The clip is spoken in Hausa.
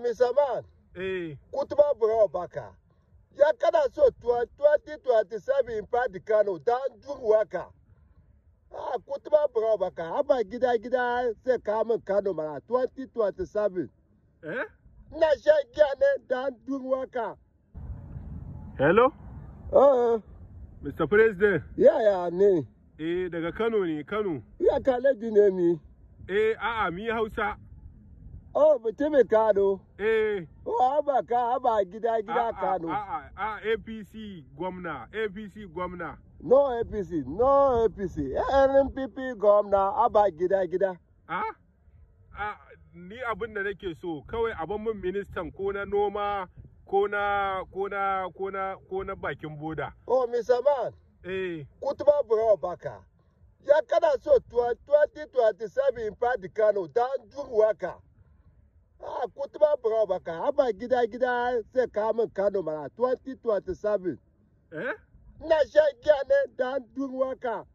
misaman eh kutuba burawa baka ya kana so 2027 fadi kano don duruwa ka a kutuba burawa baka Aba gida gida se ka min kano mara 2027 eh Na shan giya ne dan duruwa waka. hello uh -uh. Mr. President. Ya ya ne. Eh daga Kano ne, Kano. Ya kalaji ne mi. Eh a'a mi Hausa. Oh, mutumin Kano. Eh. Oh, haba ka, haba gida gida ah, ah, Kano. Ah, a a APC gwamna, APC gwamna. No APC, no APC. NPP gwamna, haba gida gida. Ah? Ah, ni abin da nake so, kawai abin min ministan ko na noma, ko na, ko na, ko na, ko na bakin boda. Oh, Mr. Man. Eh. Kutuba Burawa Baka. Ya kada so 2027 fadi Kano, dan duhu haka. a kutuba bura ba ka gida gida sai ka Kano mara 2027 eh ina shan ne dan durwaka